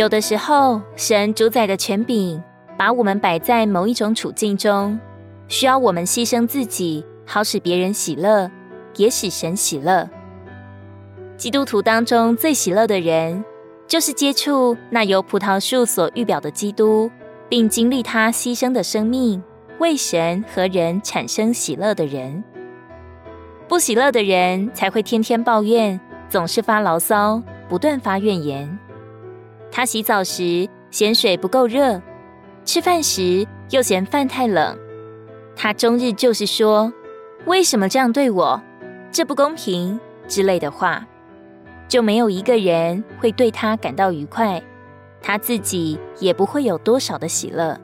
有的時候，神主宰的權柄把我們擺在某一種處境中，需要我們犧牲自己，好使別人喜樂，也使神喜樂。基督徒當中最喜樂的人，就是接觸那由葡萄樹所預表的基督，並經歷他犧牲的生命，為神和人產生喜樂的人。不喜樂的人才會天天抱怨，總是發牢騷，不斷發怨言。他洗澡時嫌水不夠熱，吃飯時又嫌飯太冷。他終日就是說：“為什麼這樣對我？這不公平！”之類的話，就沒有一個人會對他感到愉快，他自己也不會有多少的喜樂。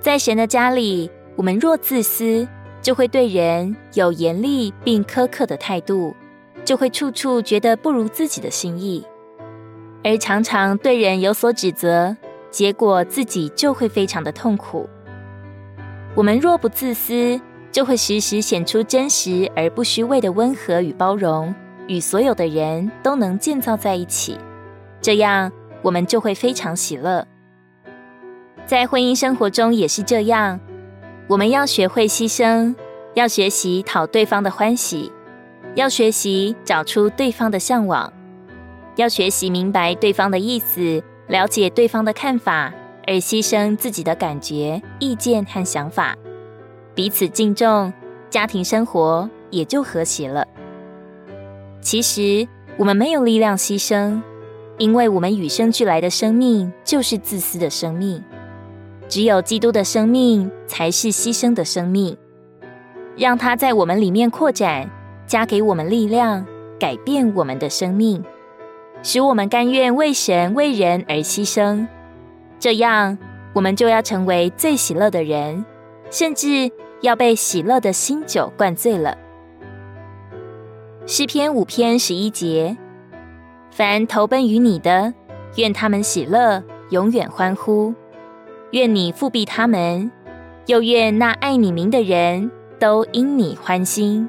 在神的家裡，我們若自私，就會對人有嚴厲並苛刻的態度，就會處處覺得不如自己的心意。而常常對人有所指責，結果自己就會非常的痛苦。我們若不自私，就會時時顯出真實而不虛偽的溫和與包容，與所有的人都能建造在一起，這樣我們就會非常喜樂。在婚姻生活中也是這樣，我們要學會犧牲，要學習討對方的歡喜，要學習找出對方的嚮往。要學習明白對方的意思，了解對方的看法，而犧牲自己的感覺、意見和想法，彼此敬重，家庭生活也就和諧了。其實我們沒有力量犧牲，因為我們與生俱來的生命就是自私的生命，只有基督的生命才是犧牲的生命，讓它在我們裡面擴展，加給我們力量，改變我們的生命。使我們甘願為神為人而犧牲，這樣我們就要成為最喜樂的人，甚至要被喜樂的新酒灌醉了。詩篇五篇十一節：凡投奔於你的，願他們喜樂，永遠歡呼；願你覆庇他們，又願那愛你名的人都因你歡欣。